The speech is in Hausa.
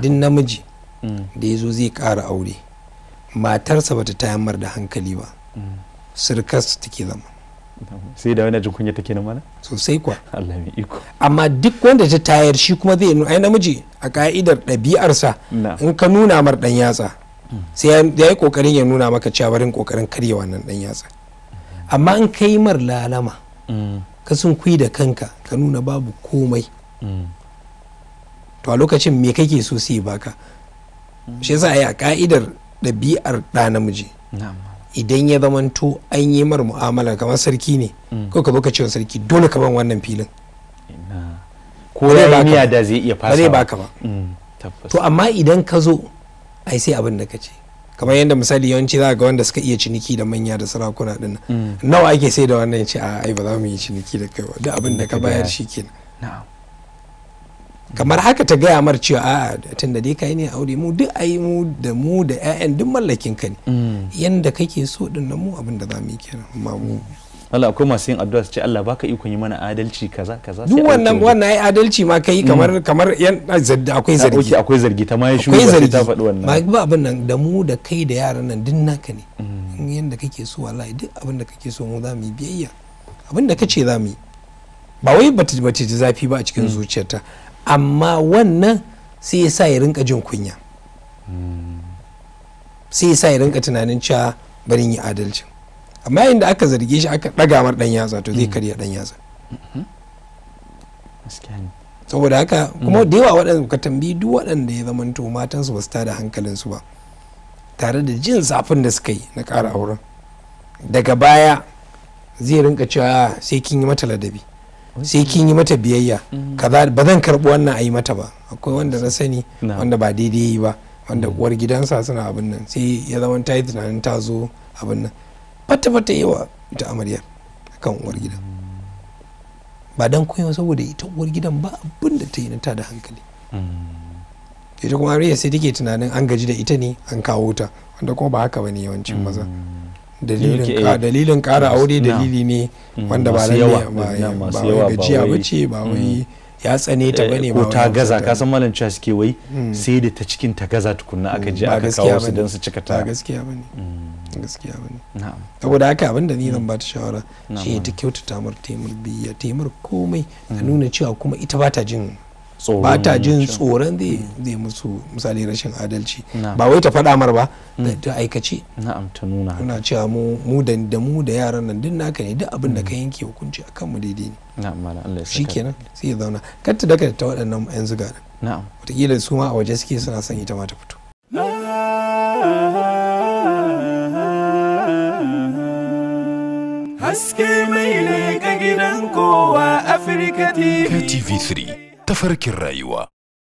duk namiji mm. da ya zo zai kara aure matarsa bata tayammar da hankali ba mm. sirkas take zama sai da wani kunya take nan mana sosai kuwa amma duk wanda ta tayar shi kuma zai ai namiji a ka'idar ɗabi'arsa in ka nuna mar dan yatsa mm. sai ya yi kokarin ya nuna maka cewa barin kokarin karya wannan dan yatsa amma in ka yi mar lalama ka sun da kanka ka nuna babu komai to a lokacin me kake so su yi baka shi yasa a yi a ka'idar ɗabi'ar ɗa namiji idan ya zamanto an yi mar mu'amala kamar sarki ne mm. ko ka baka cewa sarki dole ka ban wannan filin ko ya yi miya da zai iya fasa ba zai baka ba mm, to amma idan ka zo ai sai abin da ka ce kamar yadda misali yawanci za ga wanda suka iya ciniki da manya da sarakuna din mm. nawa ake sai da wannan ya ce a ai ba za mu yi ciniki da kai ba duk abin da ka bayar shi kenan kamar haka ta gaya mar cewa a tun da dai kai ne aure mu duk ayi mu da mu da ƴaƴan duk mallakin ka ne mm. yanda kake so din nan mu abin da zamu yi kenan amma mu Allah akwai masu yin addu'a su ce Allah baka ikon yi mana adalci kaza kaza duk wannan wannan ai adalci ma kai mm. kamar kamar yan akwai zargi akwai zargi ta ma ya shuru ba ta faɗi wannan ba ba abin nan da mu da kai da yaran nan duk naka ne mm. yanda kake so wallahi duk abin da kake so mu za mu yi biyayya abin da kace za mu yi ba wai bata bata zafi ba a cikin zuciyarta amma wannan sai ya sa ya rinka jin kunya sai ya sa ya rinka tunanin cewa barin yi adalcin amma yayin da aka zarge shi aka ɗaga mar ɗan yatsa to zai mm. karya ɗan yatsa mm-hmm. saboda haka kuma mm. da yawa waɗanda ka tambayi duk waɗanda ya zamanto matansu ba su tada hankalinsu ba tare da jin zafin da suka yi na ƙara auren daga baya zai rinka cewa ah, sai kin yi mata ladabi sai kin yi mata biyayya mm. kaza ba zan karbi wannan a yi mata ba akwai wanda na sani wanda ba daidai yi ba wanda mm. uwar gidansa suna abin nan sai ya zama ta yi tunanin ta zo abin nan fata fata yawa ita amarya kan uwar gidan ba dan koyo saboda ita uwar gidan ba abin da ta yi ta da hankali mm. ita kuma amarya sai take tunanin an gaji da ita ne an kawo ta wanda kuma ba haka bane yawancin maza mm. dalilin kara eh, aure dalili ne wanda ba ba gajiya ba ce ba wai ya tsane ta bane eh, ko ta gaza ka san malam cewa suke wai sai da ta cikin ta gaza tukunna aka je hmm, aka kawo su don su cika ta gaskiya bane hmm. gaskiya bane na'am saboda haka abin da ni zan hmm. ba ta shawara shi ta kyautata mar taimur biya taimur komai ta nuna cewa kuma ita ba ta jin ba ta jin tsoron zai musu misali rashin adalci ba wai ta faɗa mar ba mm. ta aikace na'am ta nuna muna cewa mu da mu da yaran nan duk naka ne duk abin da mm. ka yanke hukunci akan mu daidai ne na'am Allah sai ya zauna kar ta daka ta waɗannan yan zuga na'am wataƙila su ma a waje suke suna son ita ma ta fito haske mai ne ga gidan kowa Afirka TV. TV3 تفرك الرايوة